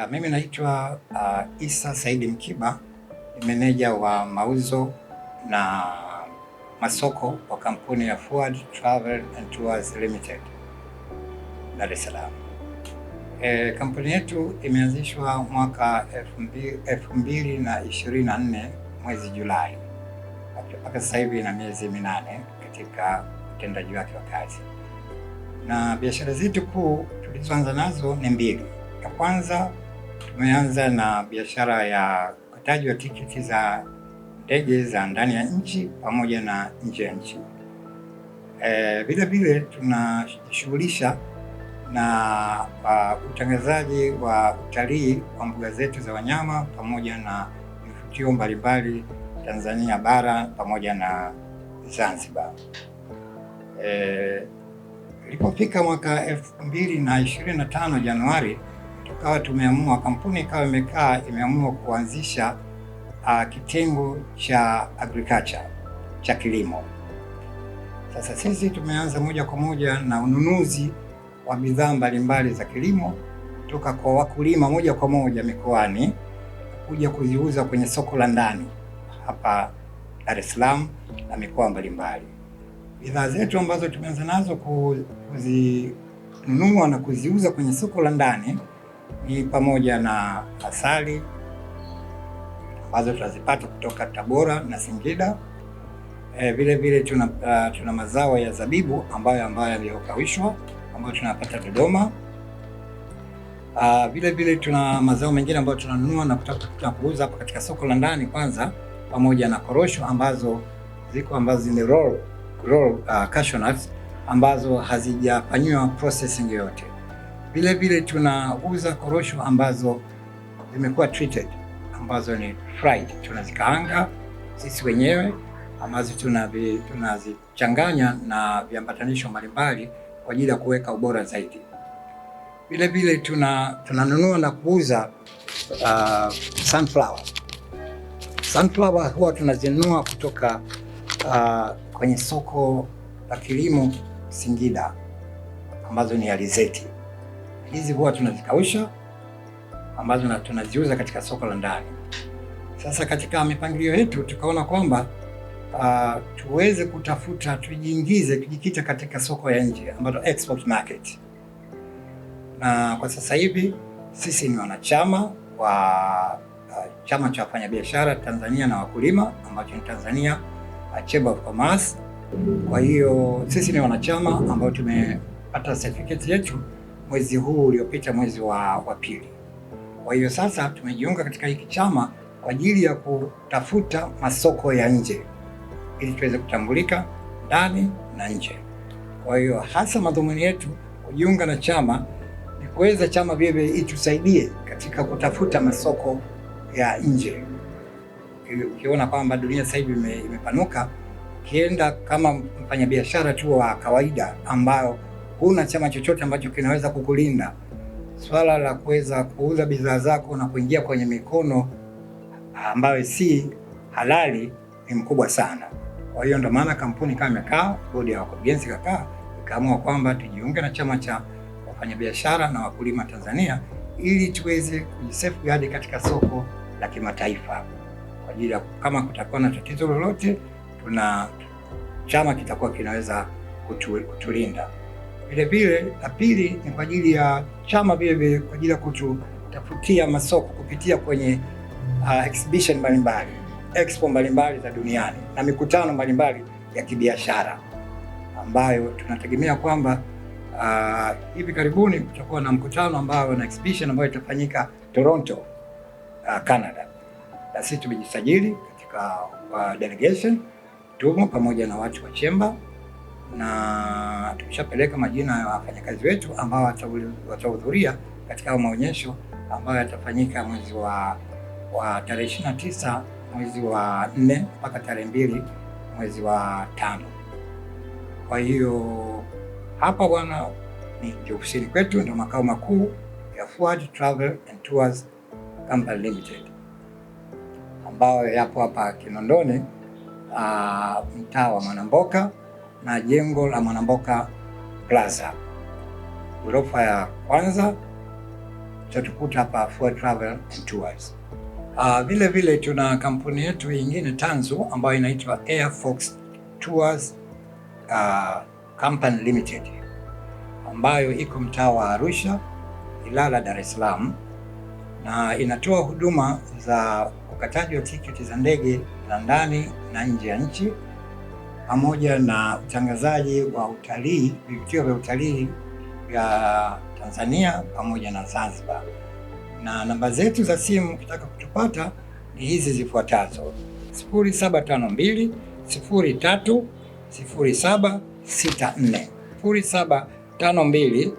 Ya, uh, mimi naitwa uh, Isa Saidi Mkiba, meneja wa mauzo na masoko wa kampuni ya Forward Travel and Tours Limited Dar es Salaam. E, kampuni yetu imeanzishwa mwaka elfu mbili na ishirini na nne mwezi Julai, mpaka sasa hivi ina miezi minane katika utendaji wake wa kazi, na biashara zetu kuu tulizoanza nazo ni mbili. Ya kwanza Tumeanza na biashara ya ukataji wa tiketi za ndege za ndani ya nchi pamoja na nje ya nchi. E, vile vile tunashughulisha na uh, utangazaji wa utalii wa mbuga zetu za wanyama pamoja na vivutio mbalimbali Tanzania bara pamoja na Zanzibar. E, ilipofika e, mwaka elfu mbili na ishirini na tano Januari tukawa tumeamua kampuni ikawa imekaa imeamua kuanzisha uh, kitengo cha agriculture cha kilimo. Sasa sisi tumeanza moja kwa moja na ununuzi wa bidhaa mbalimbali za kilimo kutoka kwa wakulima moja kwa moja mikoani kuja kuziuza kwenye soko la ndani hapa Dar es Salaam na mikoa mbalimbali. Bidhaa zetu ambazo tumeanza nazo kuzinunua na kuziuza kwenye soko la ndani ni pamoja na asali ambazo tunazipata kutoka Tabora na Singida. E, vile vile tuna, uh, tuna mazao ya zabibu ambayo ambayo yaliyokawishwa ambayo tunapata Dodoma. Uh, vile vile tuna mazao mengine ambayo tunanunua na kutaka kuuza hapa katika soko la ndani kwanza, pamoja na korosho ambazo ziko ambazo ni roll, roll, uh, cashew nuts ambazo hazijafanyiwa processing yoyote. Vile vile tunauza korosho ambazo zimekuwa treated ambazo ni fried, tunazikaanga sisi wenyewe ambazo tunazichanganya na viambatanisho mbalimbali kwa ajili ya kuweka ubora zaidi. Vile vile tunanunua tuna na kuuza uh, sunflower. Sunflower huwa tunazinunua kutoka uh, kwenye soko la kilimo Singida ambazo ni alizeti hizi huwa tunazikausha ambazo tunaziuza katika soko la ndani. Sasa katika mipangilio yetu tukaona kwamba uh, tuweze kutafuta, tujiingize, tujikita katika soko ya nje ambayo export market, na kwa sasa hivi sisi ni wanachama wa uh, chama cha wafanyabiashara Tanzania na wakulima ambacho ni Tanzania uh, Chamber of Commerce. Kwa hiyo sisi ni wanachama ambao tumepata certificate yetu mwezi huu uliopita, mwezi wa, wa pili. Kwa hiyo sasa tumejiunga katika hiki chama kwa ajili ya kutafuta masoko ya nje ili tuweze kutambulika ndani na nje. Kwa hiyo hasa madhumuni yetu kujiunga na chama ni kuweza chama vile itusaidie katika kutafuta masoko ya nje. Ukiona kwamba dunia sasa hivi imepanuka, ukienda kama mfanyabiashara tu wa kawaida ambayo Hakuna chama chochote ambacho kinaweza kukulinda. Swala la kuweza kuuza bidhaa zako na kuingia kwenye mikono ambayo si halali ni mkubwa sana. Kwa hiyo ndio maana kampuni kama imekaa, bodi ya wakurugenzi kakaa, ikaamua kwamba tujiunge na chama cha wafanyabiashara na wakulima Tanzania ili tuweze kujisafeguard katika soko la kimataifa kwa ajili ya kama kutakuwa na tatizo lolote, tuna chama kitakuwa kinaweza kutulinda. Vilevile la pili ni kwa ajili ya chama, vilevile kwa ajili ya kututafutia masoko kupitia kwenye uh, exhibition mbalimbali, expo mbalimbali za duniani na mikutano mbalimbali ya kibiashara ambayo tunategemea kwamba uh, hivi karibuni kutakuwa na mkutano ambao na exhibition ambayo itafanyika Toronto, uh, Canada, na sisi tumejisajili katika uh, delegation, tumo pamoja na watu wa chemba na tumeshapeleka majina ya wafanyakazi wetu ambao watahudhuria katika maonyesho ambayo yatafanyika mwezi wa, wa tarehe ishirini na tisa mwezi wa nne mpaka tarehe mbili mwezi wa tano. Kwa hiyo hapa bwana ni ofisini kwetu, ndio makao makuu ya Fuad Travel and Tours Company Limited ambayo yapo hapa Kinondoni, ah, mtaa wa Mwanamboka na jengo la Mwanamboka Plaza ghorofa ya kwanza tutakuta hapa for travel and tours. Uh, vile vile tuna kampuni yetu nyingine tanzu ambayo inaitwa Air Fox Tours uh, Company Limited ambayo iko mtaa wa Arusha, Ilala, Dar es Salaam na inatoa huduma za ukataji wa tiketi za ndege za ndani na nje ya nchi pamoja na utangazaji wa utalii, vivutio vya utalii vya Tanzania pamoja na Zanzibar. Na namba zetu za simu ukitaka kutupata ni hizi zifuatazo: 0752 03 0764, 0752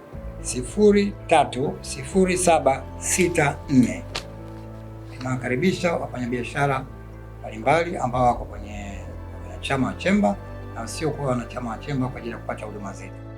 03 Tunawakaribisha wafanyabiashara mbalimbali ambao wako kwenye wanachama wa chemba na wasiokuwa wanachama wa chemba kwa ajili ya kupata huduma zetu.